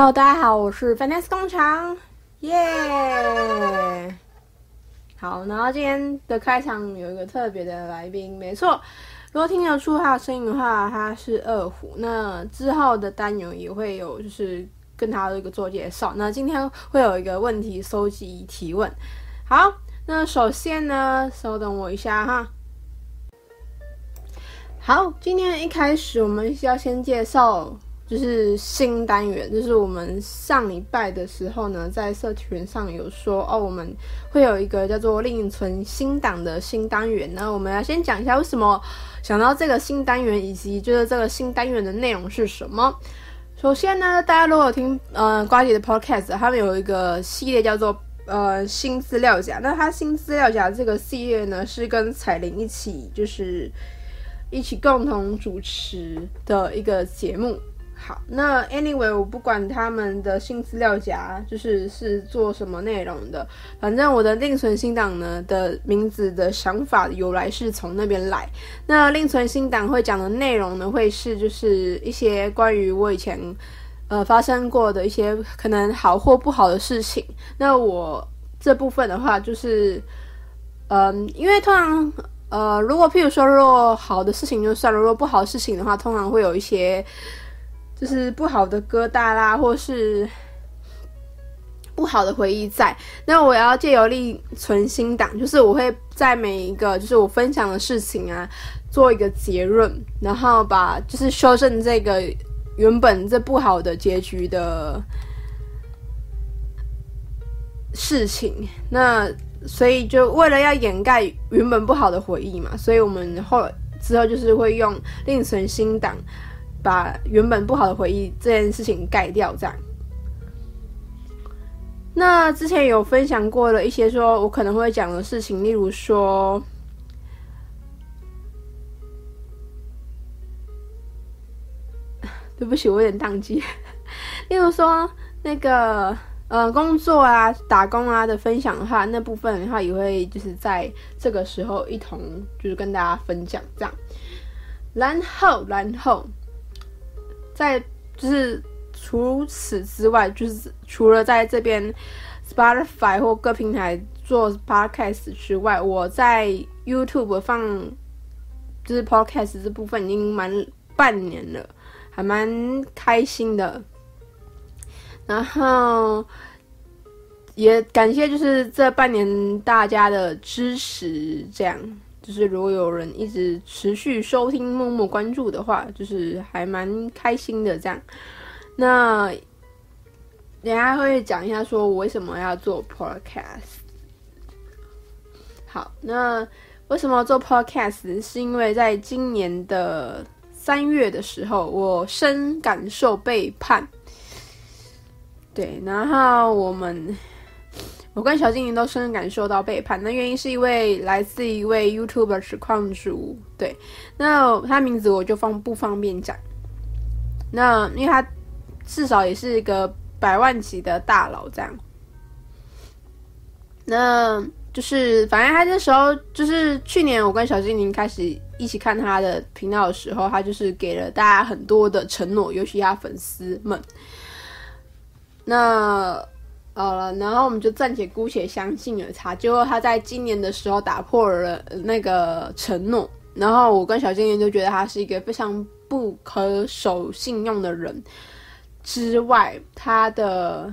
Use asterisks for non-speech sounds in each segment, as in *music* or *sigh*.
Hello，大家好，我是 Fantastic 工廠，耶、yeah!！好，然後今天的開場有一個特別的來賓，沒錯，如果聽得出他的聲音的話，他是二虎。那之後的單元也會有，就是跟他的一個做介紹。那今天會有一個問題蒐集提問，好，那首先呢，稍等我一下哈。好，今天一開始我們需要先介紹。就是新單元，就是我們上禮拜的時候呢，在社群上有說哦，我們會有一個叫做另存新檔的新單元，那我們來先講一下為什麼想到這個新單元，以及就是這個新單元的內容是什麼。首先呢，大家如果有聽呃瓜姐的 Podcast，他們有一個系列叫做呃新資料夾。那他新資料夾這個系列呢，是跟彩玲一起就是一起共同主持的一個節目。好，那 anyway，我不管他們的新資料夾就是是做什麼內容的，反正我的另存新檔呢的名字的想法由來是從那邊來。那另存新檔會講的內容呢，會是就是一些關於我以前呃發生過的一些可能好或不好的事情。那我這部分的話，就是嗯，因為通常呃，如果譬如說，如果好的事情就算了，如果不好的事情的話，通常會有一些。就是不好的疙瘩啦，或是不好的回憶在。那我要借由另存新檔，就是我會在每一個就是我分享的事情啊，做一個結論，然後把就是修正這個原本這不好的結局的事情。那所以就為了要掩蓋原本不好的回憶嘛，所以我們後之後就是會用另存新檔。把原本不好的回憶這件事情蓋掉，這樣。那之前有分享過了一些，說我可能會講的事情，例如說，對不起，我有點宕機。 *laughs* 例如說，那個呃，工作啊、打工啊的分享的話，那部分的話也會就是在這個時候一同就是跟大家分享這樣。然後，然後。在就是除此之外，就是除了在這邊 Spotify 或各平台做 podcast 之外，我在 YouTube 放就是 podcast 這部分已經滿半年了，還蠻開心的。然後也感謝就是這半年大家的支持，這樣。就是如果有人一直持續收聽、默默關注的話，就是還蠻開心的。這樣，那，等一下會講一下，說我為什麼要做 Podcast。好，那為什麼要做 Podcast？是因為在今年的三月的時候，我深感受背叛。對，然後我們。我跟小精靈都深深感受到背叛，那原因是因為來自一位 YouTuber 的實況主，對，那他名字我就方不方便講，那因為他至少也是一個百萬級的大佬這樣，那就是反正他那時候就是去年我跟小精靈開始一起看他的頻道的時候，他就是給了大家很多的承諾，尤其他粉絲們，那。好了，然後我們就暫且姑且相信了他。結果他在今年的時候打破了那個承諾，然後我跟小金靈就覺得他是一個非常不可守信用的人。之外，他的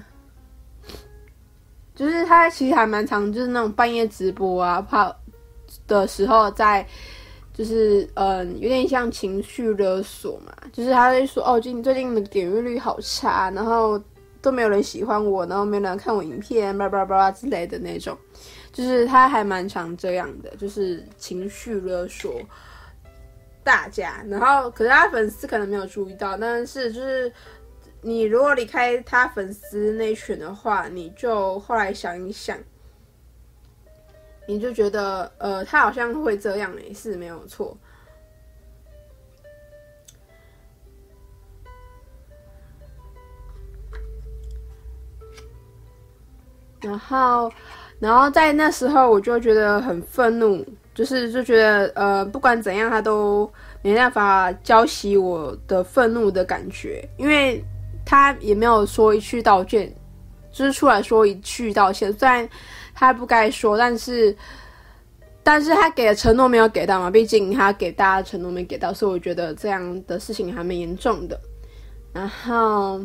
就是他其實還蠻常就是那種半夜直播啊怕的時候在，就是嗯有點像情緒勒索嘛，就是他會說哦，最近最近的點閱率好差，然後。都沒有人喜歡我，然後沒有人看我影片，巴拉巴拉之類的那種，就是他還蠻常這樣的，就是情緒勒索大家。然後，可是他粉絲可能沒有注意到，但是就是你如果離開他粉絲那一群的話，你就後來想一想，你就覺得呃，他好像會這樣，欸，也是沒有錯。然後，然後在那時候，我就覺得很憤怒，就是就覺得，呃，不管怎樣，他都沒辦法澆熄我的憤怒的感覺，因為他也沒有說一句道歉，就是出來說一句道歉。雖然他不該說，但是，但是他給的承諾沒有給到嘛，畢竟他給大家的承諾沒給到，所以我覺得這樣的事情還蠻嚴重的。然後。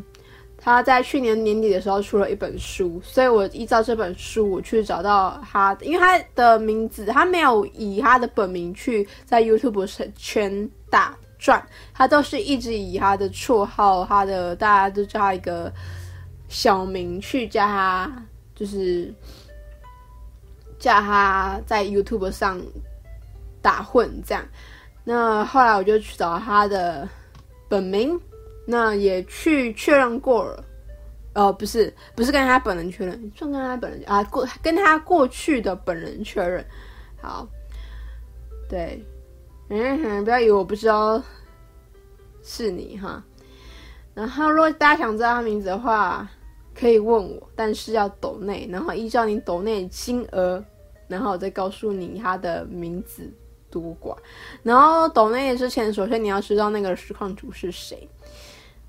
他在去年年底的時候出了一本書，所以我依照這本書，我去找到他的。因為他的名字，他沒有以他的本名去在 YouTube 圈打轉，他都是一直以他的綽號，他的大家都叫他一個小名去叫他，就是叫他在 YouTube 上打混這樣。那後來我就去找他的本名。那也去確認過了，呃，不是，不是跟他本人確認，算跟他本人啊，過跟他過去的本人確認。好，對，嗯，嗯，不要以為我不知道，是你哈。然後，如果大家想知道他名字的話，可以問我，但是要抖內，然後依照你抖內金額，然後我再告訴你他的名字多寡。然後抖內之前，首先你要知道那個實況主是誰。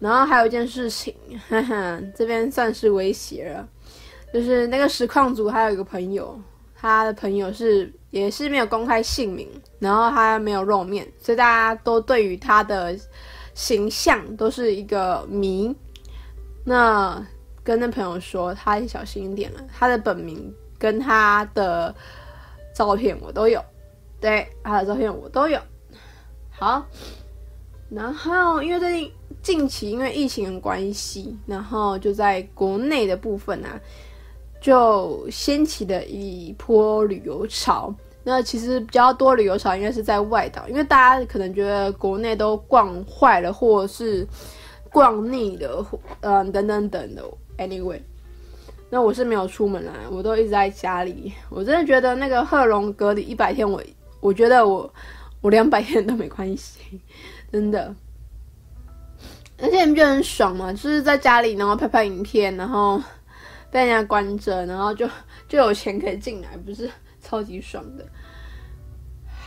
然後還有一件事情呵呵，這邊算是威脅了，就是那個實況組還有一個朋友，他的朋友是也是沒有公開姓名，然後他沒有露面，所以大家都對於他的形象都是一個謎。那跟那朋友說，他也小心一點了。他的本名跟他的照片我都有，對，他的照片我都有。好，然後因為最近。近期因為疫情的關係，然後就在國內的部分呢、啊，就掀起了一波旅遊潮。那其實比較多旅遊潮應該是在外島，因為大家可能覺得國內都逛壞了，或者是逛膩了，呃，嗯等，等等等的。Anyway，那我是沒有出門啦，我都一直在家裡。我真的覺得那個賀瓏隔離一百天我，我我覺得我我兩百天都沒關係，真的。那些不就很爽嘛，就是在家裡，然後拍拍影片，然後被人家關着，然後就就有錢可以進來，不是超級爽的。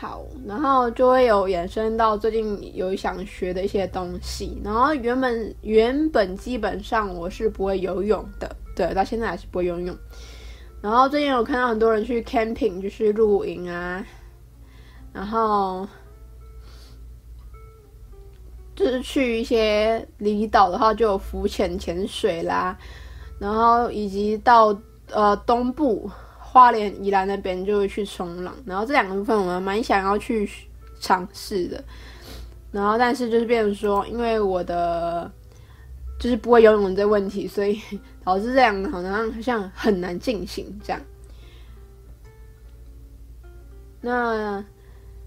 好，然後就會有衍生到最近有想學的一些東西。然後原本原本基本上我是不會游泳的，對，到現在還是不會游泳。然後最近有看到很多人去 camping，就是露營啊，然後。就是去一些離島的話，就有浮潛、潛水啦，然後以及到呃東部花蓮、宜蘭那邊就會去衝浪，然後這兩個部分我蠻想要去嘗試的。然後，但是就是變成說，因為我的就是不會游泳這問題，所以導致這兩個好像好像很難進行這樣。那。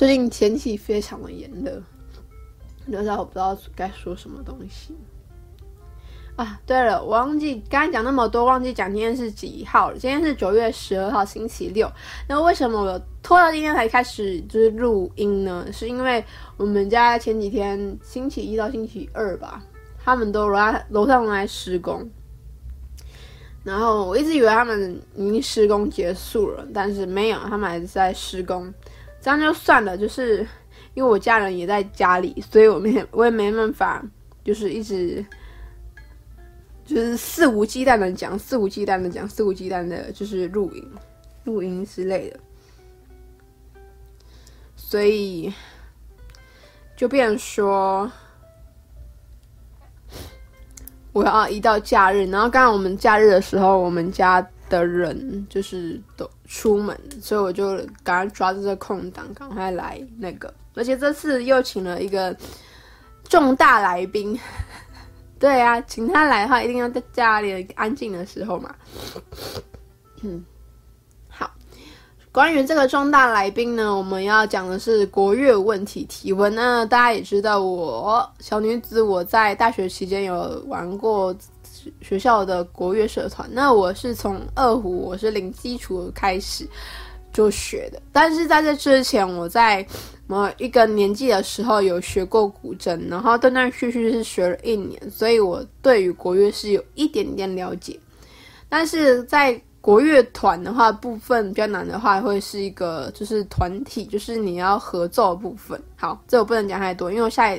最近天氣非常的炎熱，現在我不知道該說什麼東西啊。對了，我忘記剛才講那麼多，忘記講今天是幾號了。今天是九月十二號，星期六。那為什麼我拖到今天才開始就是錄音呢？是因為我們家前幾天星期一到星期二吧，他們都來樓上來施工。然後我一直以為他們已經施工結束了，但是沒有，他們還是在施工。這樣就算了，就是因為我家人也在家裡，所以我沒我也沒辦法，就是一直就是肆無忌憚的講，肆無忌憚的講，肆無忌憚的，就是錄音、錄音之類的，所以就變說我要一到假日，然後剛剛我們假日的時候，我們家。的人就是都出門，所以我就趕快抓住這空檔，趕快來那個。而且這次又請了一個重大來賓， *laughs* 對啊，請他來的話，一定要在家裡安靜的時候嘛。嗯， *coughs* 好，關於這個重大來賓呢，我們要講的是國樂問題提問。那大家也知道我，我小女子我在大學期間有玩過。學校的國樂社團，那我是從二胡，我是零基礎開始就學的。但是在這之前，我在某一個年紀的時候有學過古箏，然後斷斷續續是學了一年，所以我對於國樂是有一點點了解。但是在國樂團的話，部分比較難的話，會是一個就是團體，就是你要合奏的部分。好，這我不能講太多，因為我下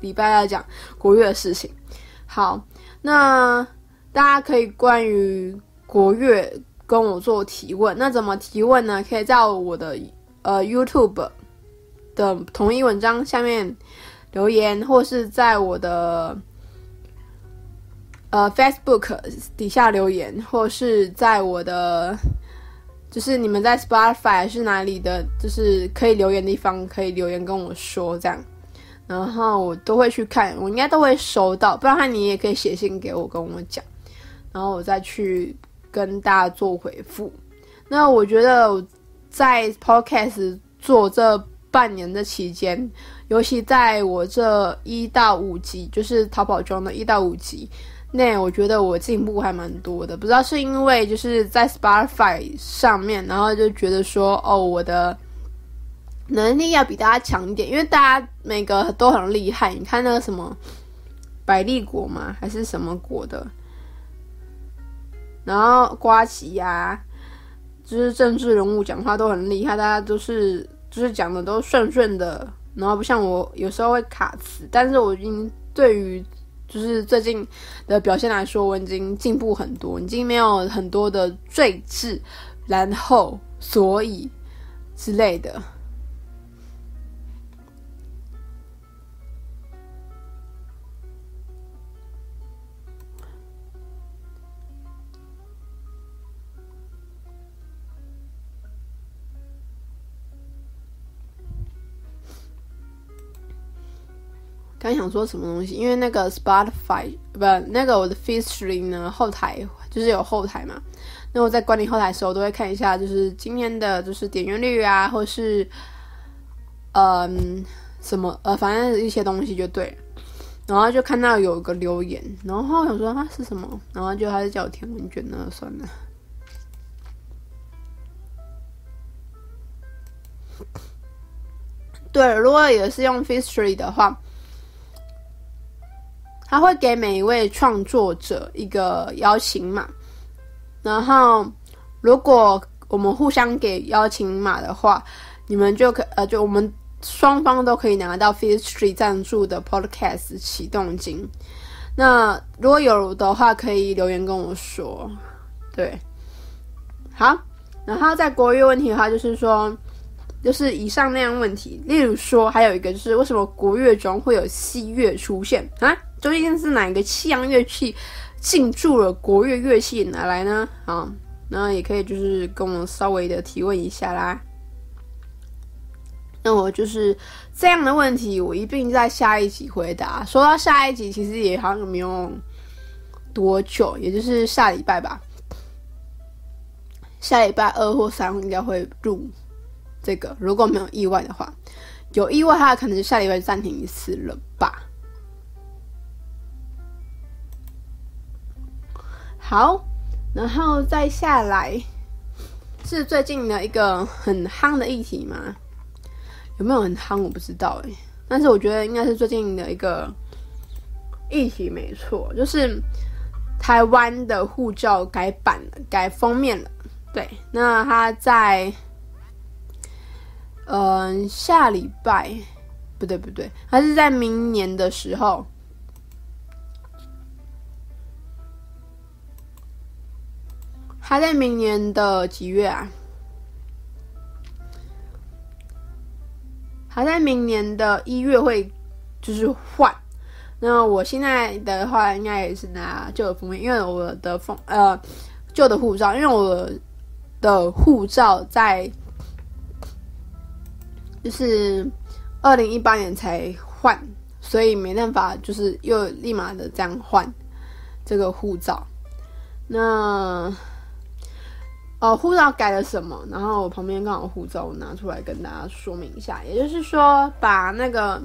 禮拜要講國樂的事情。好，那大家可以關於國樂跟我做提問。那怎麼提問呢？可以在我的呃 YouTube 的同一文章下面留言，或是在我的呃 Facebook 底下留言，或是在我的就是你們在 Spotify 是哪裡的，就是可以留言的地方可以留言跟我說這樣。然後我都會去看，我應該都會收到。不然的話，你也可以寫信給我，跟我講，然後我再去跟大家做回復。那我覺得在 Podcast 做這半年的期間，尤其在我這一到五集，就是逃跑中的一到五集，那我覺得我進步還蠻多的。不知道是因為就是在 Spotify 上面，然後就覺得說，哦，我的。能力要比大家強一點，因為大家每個都很厲害。你看那個什麼百利國嗎？還是什麼國的？然後瓜奇呀，就是政治人物講話都很厲害，大家都是就是講的都順順的。然後不像我，有時候會卡詞。但是我已經對於就是最近的表現來說，我已經進步很多。已經沒有很多的“贅字”，然後“所以”之類的。剛想說什麼東西，因為那個 Spotify 不，那個我的 Firstory 呢，後台就是有後台嘛。那我在管理後台的時候，我都會看一下，就是今天的，就是點閱率啊，或是嗯什麼呃，反正一些東西就對了。然後就看到有個留言，然後我想說啊是什麼，然後就還是叫我填問卷呢，那就算了。對，如果也是用 Firstory 的話。他會給每一位創作者一個邀請碼，然後如果我們互相給邀請碼的話，你們就可呃，就我們雙方都可以拿到 Firstory 贊助的 Podcast 啟動金。那如果有的話，可以留言跟我說。對，好。然後在國樂問題的話，就是說。就是以上那樣問題，例如說，還有一個就是為什麼國樂中會有西樂出現啊？究竟是哪一個西洋樂器進駐了國樂樂器而來呢？啊，那也可以就是跟我們稍微的提問一下啦。那我就是這樣的問題，我一併在下一集回答。說到下一集，其實也好像沒有多久，也就是下禮拜吧，下禮拜二或三應該會錄。這個如果沒有意外的話，有意外他可能下禮拜暫停一次了吧。好，然後再下來是最近的一個很夯的議題嗎？有沒有很夯我不知道哎、欸，但是我覺得應該是最近的一個議題沒錯，就是台灣的護照改版了，改封面了。對，那它在。嗯，下禮拜不對不對，還是在明年的時候，還在明年的幾月啊？還在明年的一月會就是換。那我現在的話，應該也是拿舊的封面，因為我的封，呃，舊的護照，因為我的，的護照在。就是二零一八年才換，所以沒辦法，就是又立馬的這樣換這個護照。那，哦，護照改了什麼？然後我旁邊剛好護照我拿出來跟大家說明一下，也就是說，把那個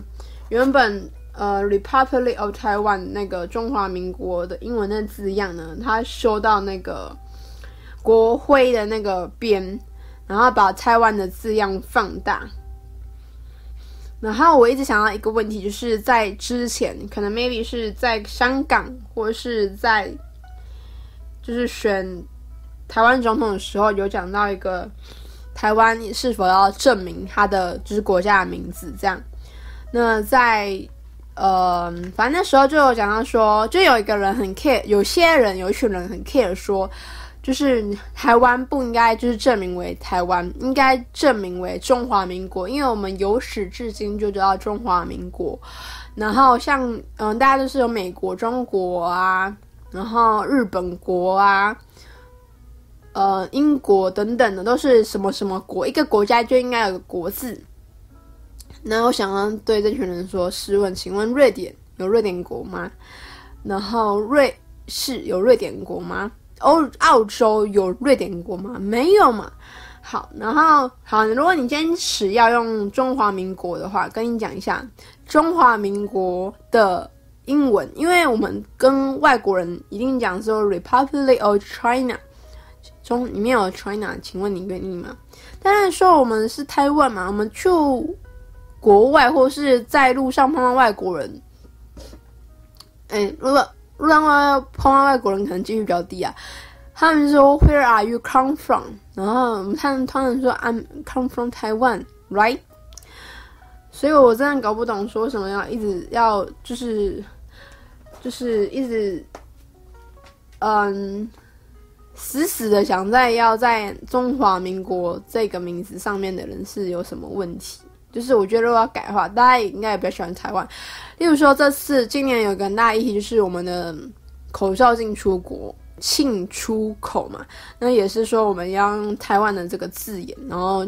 原本呃 “Republic of Taiwan” 那個中華民國的英文的字樣呢，它收到那個國徽的那個邊，然後把台灣的字樣放大。然後我一直想到一個問題，就是在之前，可能 maybe 是在香港或是在，就是選台灣總統的時候，有講到一個台灣是否要證明他的就是國家的名字這樣。那在呃，反正那時候就有講到說，就有一個人很 care，有些人有一群人很 care 說。就是台灣不應該就是證明為台灣，應該證明為中華民國，因為我們有史至今就知道中華民國。然後像嗯，大家都是有美國、中國啊，然後日本國啊，呃，英國等等的，都是什麼什麼國。一個國家就應該有個國字。那我想要對這群人說，試問，請問瑞典有瑞典國嗎？然後瑞士有瑞典國嗎？歐澳洲有瑞典國嗎？沒有嘛。好，然後好，如果你堅持要用中華民國的話，跟你講一下中華民國的英文，因為我們跟外國人一定講說 Republic of China，中裡面有 China，請問你願意嗎？但是說我們是台灣嘛，我們去國外或是在路上碰到外國人，哎、欸，如果、呃。不然的話，碰到外國人可能幾率比較低啊。他們說，Where are you come from？然後我們他們他們說，I'm come from Taiwan, right？所以我我真的搞不懂說什麼要一直要就是就是一直嗯死死的想在要在中華民國這個名字上面的人是有什麼問題。就是我覺得，如果要改的話，大家也應該也比較喜歡台灣。例如說，這次今年有一個大議題，就是我們的口罩進出國慶出口嘛，那也是說我們要用台灣的這個字眼，然後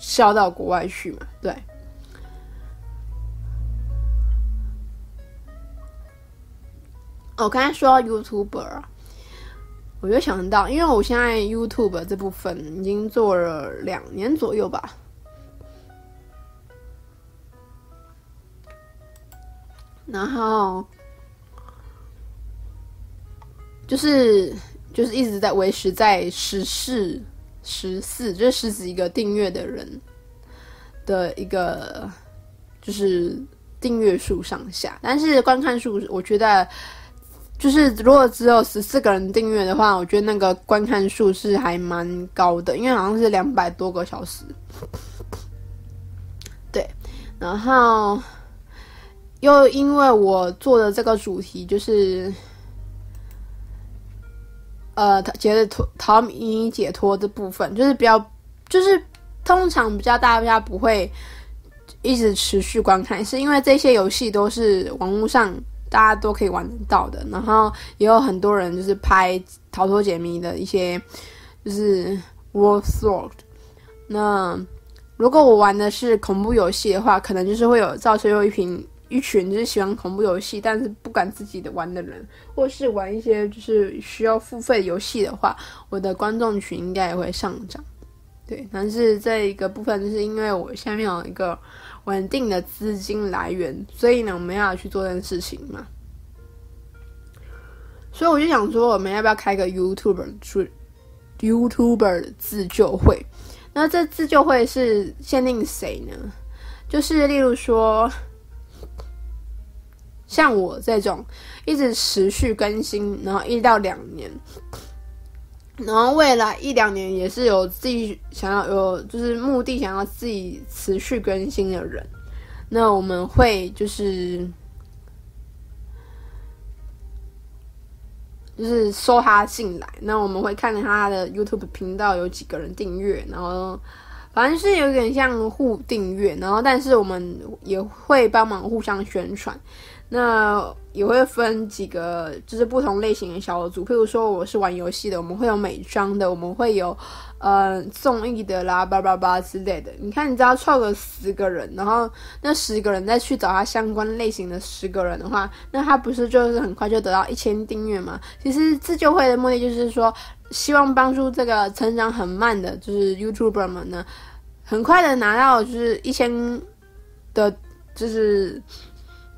銷到國外去嘛。對。我、oh, 剛才說到 YouTube 啊，我就想到，因為我現在 YouTube 這部分已經做了兩年左右吧。然後就是就是一直在維持在十四十四，就是十幾個訂閱的人的一個就是訂閱數上下。但是觀看數，我覺得就是如果只有十四個人訂閱的話，我覺得那個觀看數是還蠻高的，因為好像是兩百多個小時。對，然後。又因為我做的這個主題就是，呃，覺得脫、逃迷、解脫的部分，就是比較，就是通常比較大家不會一直持續觀看，是因為這些遊戲都是網絡上大家都可以玩到的，然後也有很多人就是拍逃脫解謎的一些，就是《Worlds w o r d》。那如果我玩的是恐怖遊戲的話，可能就是會有造成又一瓶。一群就是喜歡恐怖遊戲，但是不敢自己的玩的人，或是玩一些就是需要付費遊戲的話，我的觀眾群應該也會上漲。對，但是這一個部分就是因為我下面有一個穩定的資金來源，所以呢我們要去做這件事情嘛。所以我就想說，我們要不要開個 YouTuber 自 YouTuber 的自救會？那這自救會是限定誰呢？就是例如說。像我這種一直持續更新，然後一到兩年，然後未來一兩年也是有自己想要有就是目的想要自己持續更新的人，那我們會就是就是收他進來，那我們會看他的 YouTube 頻道有幾個人訂閱，然後反正是有點像互訂閱，然後但是我們也會幫忙互相宣傳。那也會分幾個，就是不同類型的小組。譬如說，我是玩遊戲的，我們會有美妝的，我們會有，呃，綜藝的啦，叭叭叭之類的。你看，你知道湊個十個人，然後那十個人再去找他相關類型的十個人的話，那他不是就是很快就得到一千訂閱嗎？其實自救會的目的就是說，希望幫助這個成長很慢的，就是 YouTuber 們呢，很快的拿到就是一千的，就是。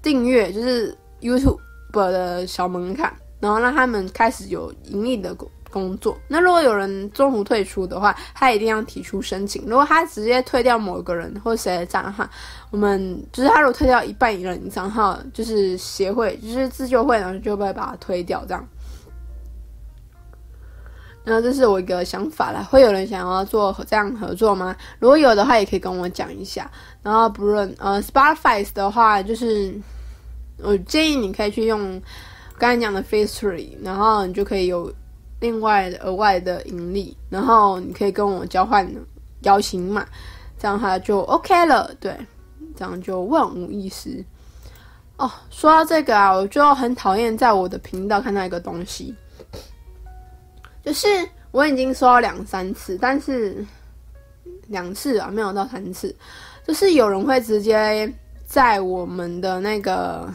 訂閱就是 YouTube 的小門檻，然後讓他們開始有盈利的工工作。那如果有人中途退出的話，他一定要提出申請。如果他直接退掉某個人或誰的賬號，我們就是他如果退掉一半以上賬號，就是協會就是自救會呢，然後就會把他推掉這樣。那這是我一個想法啦，會有人想要做這樣合作嗎？如果有的話，也可以跟我講一下。然後不，不論呃 Spotify 的話，就是我建議你可以去用剛才講的 Firstory，然後你就可以有另外額外的盈利，然後你可以跟我交換邀請碼，這樣它就 OK 了。對，這樣就萬無一失。哦，說到這個啊，我就很討厭在我的頻道看到一個東西。就是我已經說了兩三次，但是兩次啊，沒有到三次。就是有人會直接在我們的那個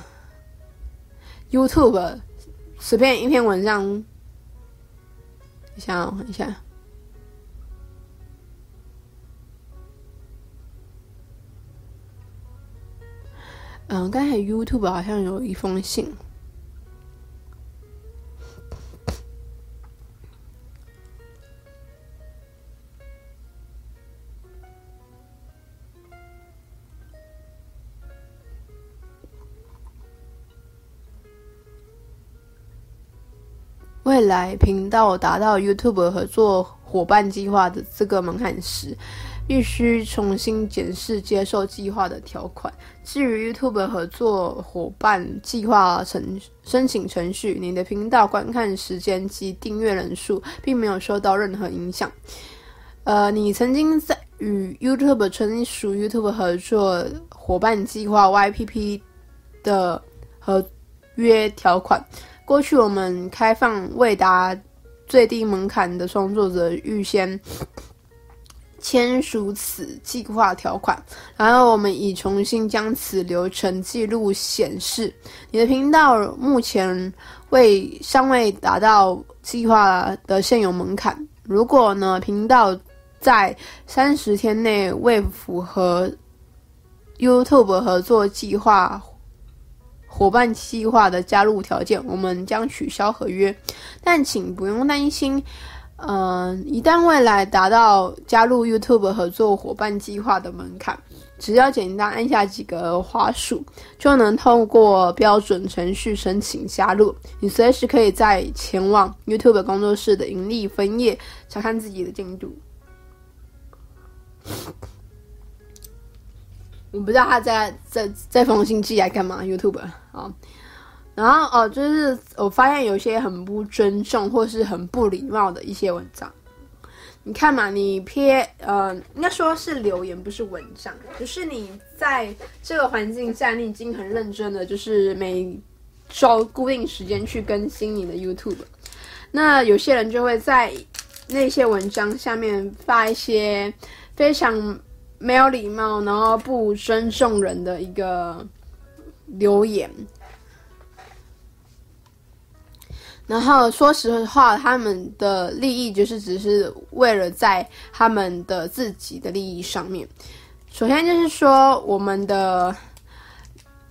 YouTube 隨便一篇文章，你想一下，哦。嗯、呃，剛才 YouTube 好像有一封信。未來頻道達到 YouTube 合作夥伴計劃的這個門檻時，必須重新檢視接受計劃的條款。至於 YouTube 合作夥伴計劃程申請程序，你的頻道觀看時間及訂閱人數並沒有受到任何影響。呃，你曾經在與 YouTube 曾經屬於 YouTube 合作夥伴計劃 YPP 的合約條款。過去我們開放未達最低門檻的創作者預先簽署此計劃條款，然後我們已重新將此流程記錄顯示。你的頻道目前未尚未達到計劃的現有門檻。如果呢，頻道在三十天內未符合 YouTube 合作計劃夥伴計劃的加入條件，我們將取消合約，但請不用擔心。嗯、呃，一旦未來達到加入 YouTube 合作夥伴計劃的門檻，只要簡單按下幾個滑鼠，就能透過標準程序申請加入。你隨時可以再前往 YouTube 工作室的盈利分頁查看自己的進度。 *laughs* 我不知道他在在在重新進來幹嘛 YouTuber 然後哦、呃，就是我發現有些很不尊重或是很不禮貌的一些文章，你看嘛，你 P 呃，應該說是留言，不是文章，就是你在這個環境站立，已經很認真的，就是每周固定時間去更新你的 YouTube，那有些人就會在那些文章下面發一些非常。沒有禮貌，然後不尊重人的一個留言。然後說實話，他們的利益就是只是為了在他們的自己的利益上面。首先就是說我們的。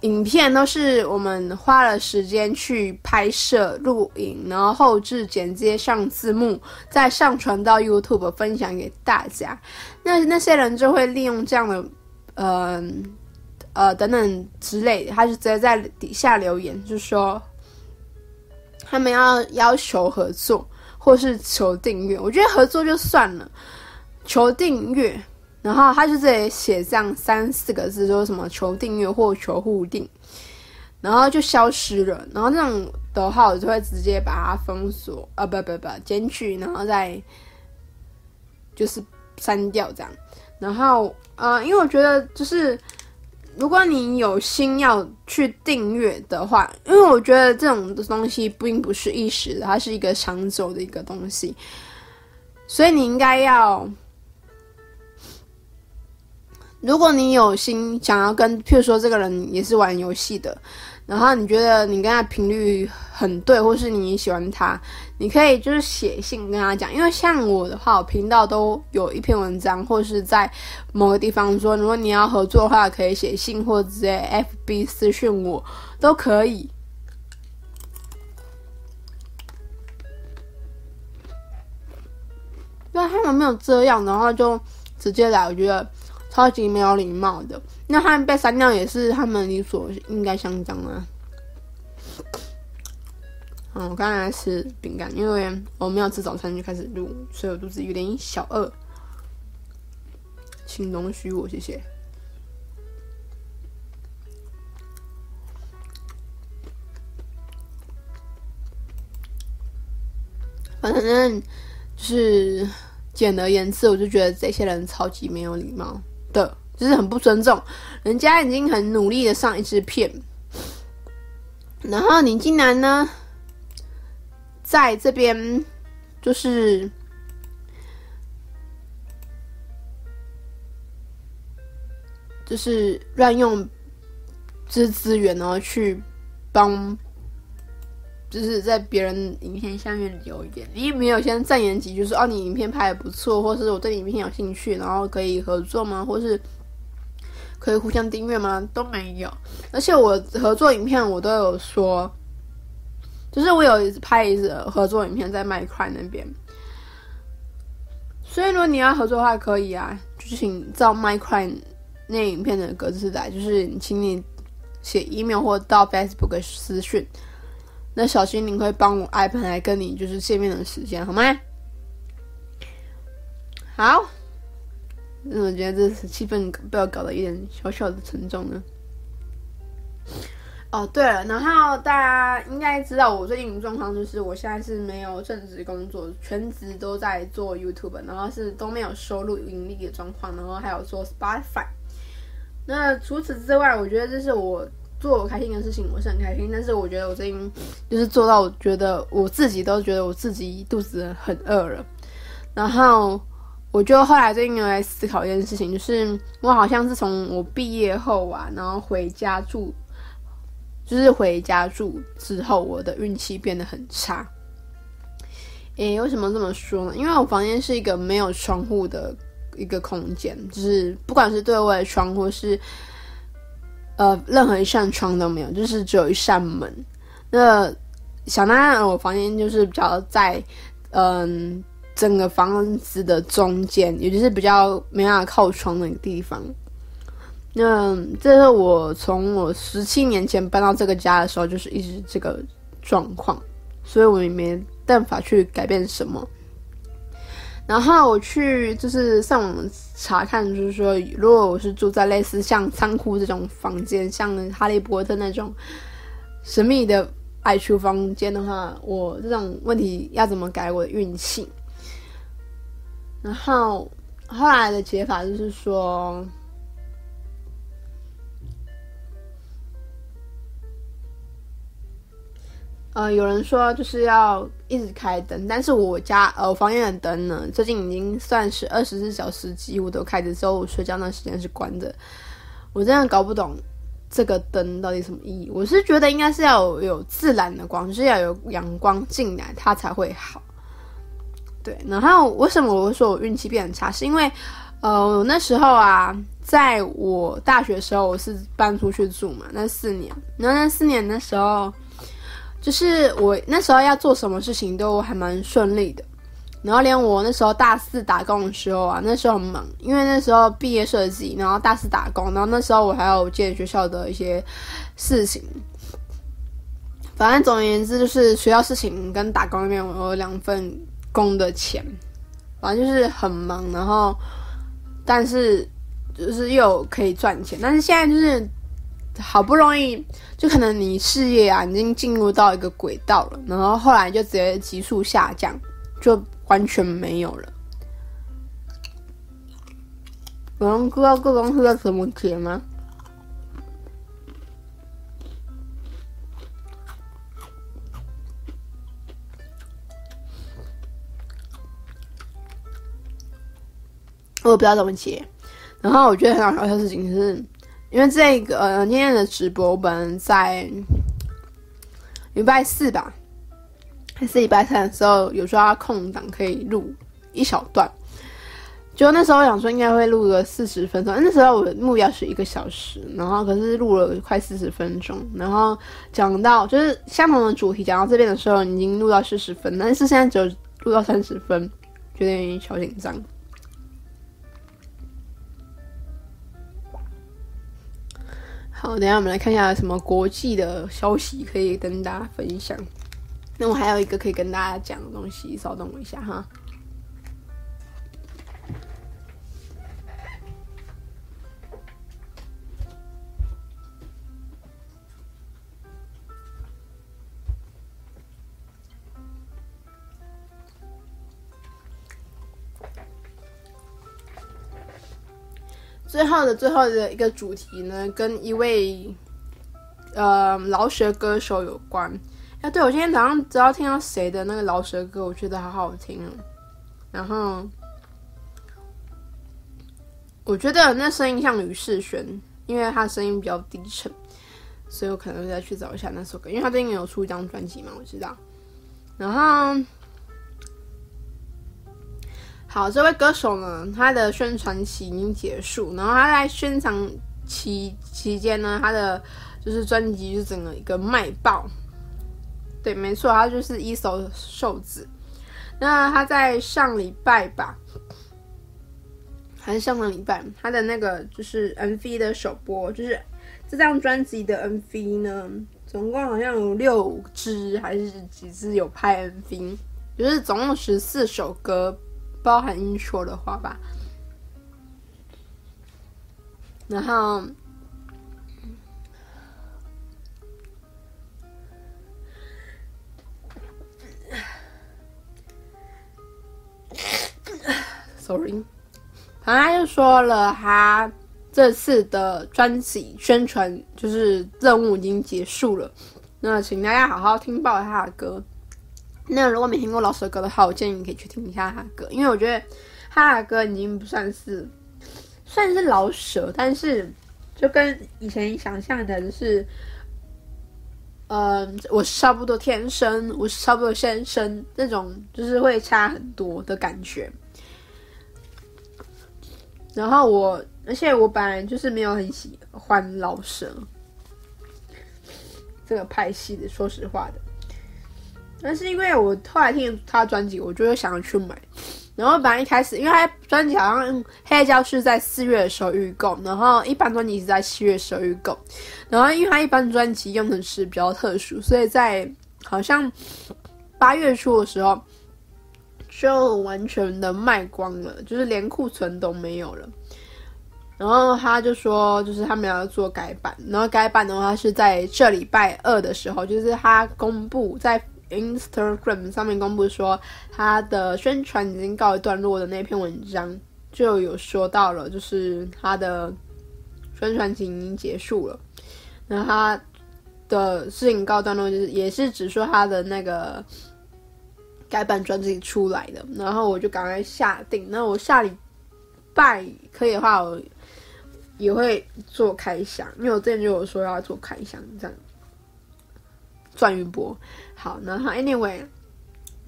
影片都是我們花了時間去拍攝、錄影，然後後製剪接、上字幕，再上傳到 YouTube 分享給大家。那那些人就會利用這樣的，嗯、呃，呃，等等之類的，他就直接在底下留言，就說他們要要求合作，或是求訂閱。我覺得合作就算了，求訂閱。然後他就這裡寫上三四個字，說什麼求訂閱或求互訂，然後就消失了。然後那種的話，我就會直接把它封鎖，啊不不不，檢舉，然後再就是刪掉這樣。然後啊、呃，因為我覺得就是如果你有心要去訂閱的話，因為我覺得這種的東西並不是一時的，它是一個長久的一個東西，所以你應該要。如果你有心想要跟，譬如說這個人也是玩遊戲的，然後你覺得你跟他頻率很對，或是你喜歡他，你可以就是寫信跟他講。因為像我的話，我頻道都有一篇文章，或是在某個地方說，如果你要合作的話，可以寫信或直接 FB 私訊我，都可以。那他們沒有這樣，然後就直接來，我覺得。超級沒有禮貌的，那他們被刪掉也是他們理所應該想講的、啊、好，我剛才吃餅乾，因為我沒有吃早餐就開始錄，所以我肚子有點小餓，請容許我謝謝。反正就是簡而言之，我就覺得這些人超級沒有禮貌。的，就是很不尊重，人家已經很努力的上一支片，然後你竟然呢，在這邊就是就是亂用，資資源呢去幫。就是在別人影片下面留言，你也沒有先贊言幾句，就是哦，你影片拍的不錯，或是我對你影片有興趣，然後可以合作嗎？或是可以互相訂閱嗎？都沒有。而且我合作影片我都有說，就是我有拍一次合作影片在麥塊那邊，所以如果你要合作的話可以啊，就請照麥塊那影片的格式來，就是請你寫 email 或到 Facebook 私訊。那小心你會幫我安排來跟你就是見面的時間，好嗎？好。那我覺得這次氣氛被我搞得有點小小的沉重呢。哦、oh，對了，然後大家應該知道我最近的狀況就是，我現在是沒有正職工作，全職都在做 YouTube，然後是都沒有收入盈利的狀況，然後還有做 Spotify。那除此之外，我覺得這是我。做我開心的事情，我是很開心。但是我覺得我最近就是做到，我覺得我自己都覺得我自己肚子很餓了。然後我就後來最近有在思考一件事情，就是我好像是從我畢業後啊，然後回家住，就是回家住之後，我的運氣變得很差。誒、欸，為什麼這麼說呢？因為我房間是一個沒有窗戶的一個空間，就是不管是對外窗戶是，呃，任何一扇窗都沒有，就是只有一扇門。那小娜我房間就是比較在，嗯，整個房子的中間，也就是比較沒辦法靠窗的地方。那這是我從我十七年前搬到這個家的時候，就是一直這個狀況，所以我也沒辦法去改變什麼。然後我去就是上網查看，就是說，如果我是住在類似像倉庫這種房間，像《哈利波特》那種神秘的矮櫥房間的話，我這種問題要怎麼改我的運氣？然後後來的解法就是說。呃，有人說就是要一直開燈，但是我家呃、我房間的燈呢，最近已經算是二十四小時幾乎都開着，之後我睡覺那時間是關的。我真的搞不懂這個燈到底什麼意義。我是覺得應該是要有，有自然的光，就是要有陽光進來，它才會好。對，然後為什麼我會說我運氣變很差？是因為呃那時候啊，在我大學時候我是搬出去住嘛，那四年，然後那四年的時候。就是我那時候要做什麼事情，都還蠻順利的，然後連我那時候大四打工的時候啊，那時候很忙，因為那時候畢業設計，然後大四打工，然後那時候我還有接學校的一些事情。反正總而言之，就是學校事情跟打工那邊我有兩份工的錢，反正就是很忙，然後，但是就是又可以賺錢，但是現在就是。好不容易，就可能你事業啊，已經進入到一個軌道了，然後後來就直接急速下降，就完全沒有了。有人知道剛剛是在什麼節嗎？我也不知道怎麼解。然後我覺得很好笑的事情是。因為這個念念、呃、的直播，我本來在禮拜四吧，還是禮拜三的時候，有時候空檔可以錄一小段。就那時候我想說應該會錄個四十分鐘，那時候我的目標是一個小時，然後可是錄了快四十分鐘，然後講到就是相同的主題講到這邊的時候，已經錄到四十分，但是現在只有錄到三十分，覺得有點小緊張。好，等一下我們來看一下有什麼國際的消息可以跟大家分享。那我還有一個可以跟大家講的東西，稍等我一下哈。最後的最後的一個主題呢，跟一位，呃，饒舌歌手有關。哎、啊，對，我今天早上只要聽到誰的那個饒舌歌，我覺得好好聽。然後，我覺得那聲音像呂士軒，因為他聲音比較低沉，所以我可能再去找一下那首歌，因為他最近有出一張專輯嘛，我知道。然後。好，這位歌手呢，他的宣傳期已經結束，然後他在宣傳期期間呢，他的就是專輯就整個一個賣爆，對，沒錯，他就是一首《瘦子》。那他在上禮拜吧，還是上個禮拜，他的那個就是 MV 的首播，就是這張專輯的 MV 呢，總共好像有六支還是幾支有拍 MV，就是總共十四首歌。包含音說的話吧。然後 *laughs* *laughs* ，sorry，唐他又說了，他這次的專輯宣傳就是任務已經結束了，那請大家好好聽爆他的歌。那如果沒聽過老舍歌的話，我建議你可以去聽一下他歌，因為我覺得他的歌已經不算是算是老舍，但是就跟以前想象的，就是，嗯、呃，我是差不多天生，我是差不多先生那種，就是會差很多的感覺。然後我，而且我本來就是沒有很喜歡老舍這個拍戲的，說實話的。但是因為我後來聽他的專輯，我就想要去買。然後本來一開始，因為他專輯好像黑膠是在四月的時候預購，然後一般專輯是在七月的時候預購。然後因為他一般專輯用的是比較特殊，所以在好像八月初的時候就完全的賣光了，就是連庫存都沒有了。然後他就說，就是他們要做改版。然後改版的話，是在這禮拜二的時候，就是他公布在。Instagram 上面公布說他的宣傳已經告一段落的那篇文章就有說到了，就是他的宣傳期已經結束了。那他的事情告一段落，就是也是指說他的那個改版專輯出來的。然後我就趕快下定，那我下禮拜可以的話，我也會做開箱，因為我之前就有說要做開箱這樣。轉運播，好，然後 anyway，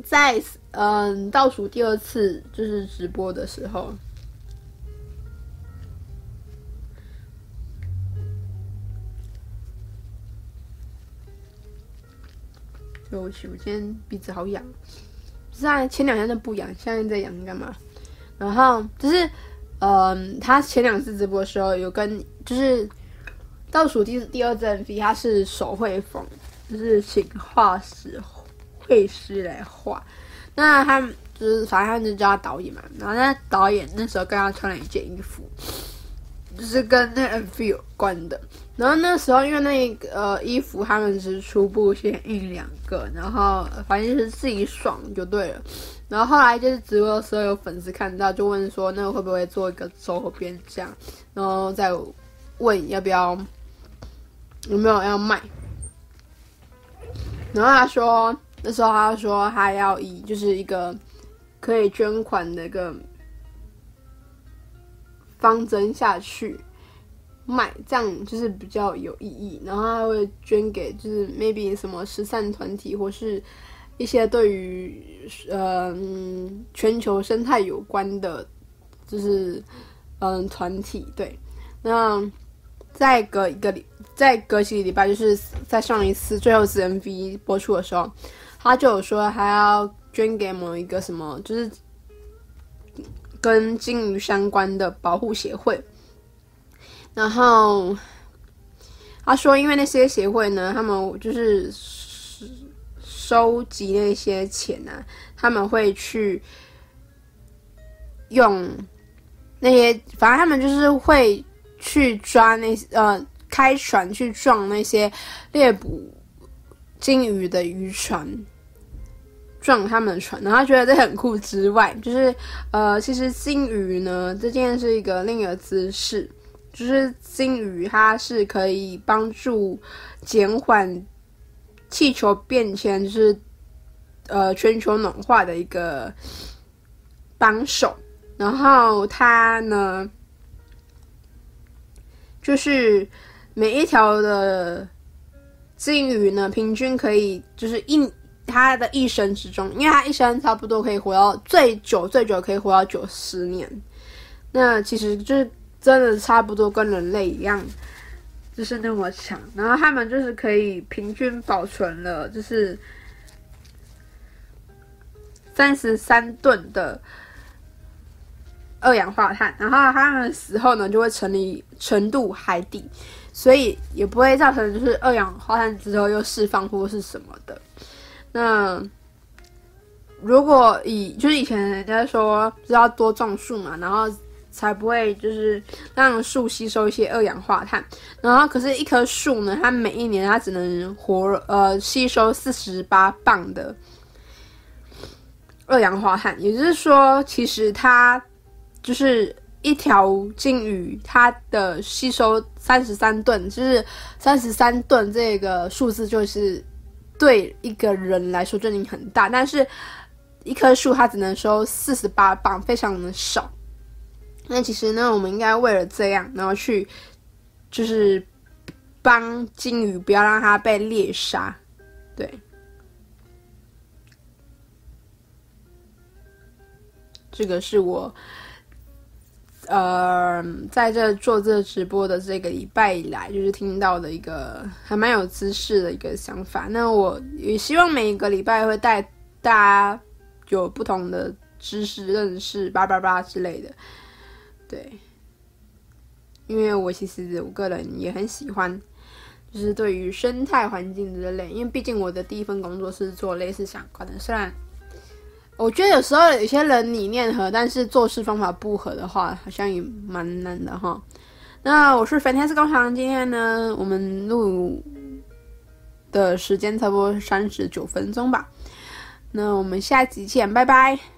在嗯倒數第二次就是直播的時候，對不起，我今天鼻子好癢，不是啊，前兩天都不癢，現在在癢你幹嘛？然後就是，嗯，他前兩次直播的時候有跟，就是倒數第第二陣比，他是手繪風。就是請畫師、繪師來畫，那他們就是反正他就叫他導演嘛。然後那導演那時候跟他穿了一件衣服，就是跟那 MV 有關的。然後那時候因為那一個、呃、衣服他們是初步先印兩個，然後反正就是自己爽就對了。然後後來就是直播的時候有粉絲看到，就問說那個會不會做一個周邊這樣，然後再問要不要有沒有要賣。然後他說，那時候他說他要以就是一個可以捐款的一個方針下去買，這樣就是比較有意義。然後他會捐給就是 maybe 什麼慈善團體，或是一些對於嗯全球生態有關的，就是嗯團體對，那。再隔一個禮，再隔幾個禮拜，就是在上一次最後 MV 播出的時候，他就有說他要捐給某一個什麼，就是跟鯨魚相關的保護協會。然後他說，因為那些協會呢，他們就是收集那些錢呢、啊，他們會去用那些，反正他們就是會。去抓那些呃，開船去撞那些獵捕鯨魚的漁船，撞他們的船，然後他覺得這很酷之外，就是呃，其實鯨魚呢，這件是一個另一個姿勢，就是鯨魚它是可以幫助減緩氣球變遷，就是呃，全球暖化的一個幫手。然後它呢？就是每一條的鯨魚呢，平均可以就是一，它的一生之中，因為它一生差不多可以活到最久，最久可以活到九十年，那其實就是真的差不多跟人類一樣，就是那麼強。然後他們就是可以平均保存了，就是三十三噸的，二氧化碳，然後它們死後呢，就會沉沉沉入海底，所以也不會造成就是二氧化碳之後又釋放或是什麼的。那如果以就是以前人家說就是要多種樹嘛，然後才不會就是讓樹吸收一些二氧化碳。然後可是，一棵樹呢，它每一年它只能活呃吸收四十八磅的二氧化碳，也就是說，其實它。就是一條鯨魚，它的吸收三十三噸，就是三十三噸這個數字，就是對一個人來說就已經很大。但是，一棵樹它只能收四十八磅，非常的少。那其實呢，我們應該為了這樣，然後去就是幫鯨魚，不要讓它被獵殺。對，這個是我。呃，在這做這直播的這個禮拜以來，就是聽到的一個還蠻有知識的一個想法。那我也希望每一個禮拜會帶大家有不同的知識認識，叭叭叭之類的。對，因為我其實我個人也很喜歡，就是對於生態環境之類，因為畢竟我的第一份工作是做類似相關的，雖然。我覺得有時候有些人理念合，但是做事方法不合的話，好像也蠻難的哈。那我是 Fantasy 工廠，今天呢我們錄的時間差不多三十九分鐘吧。那我們下集見，拜拜。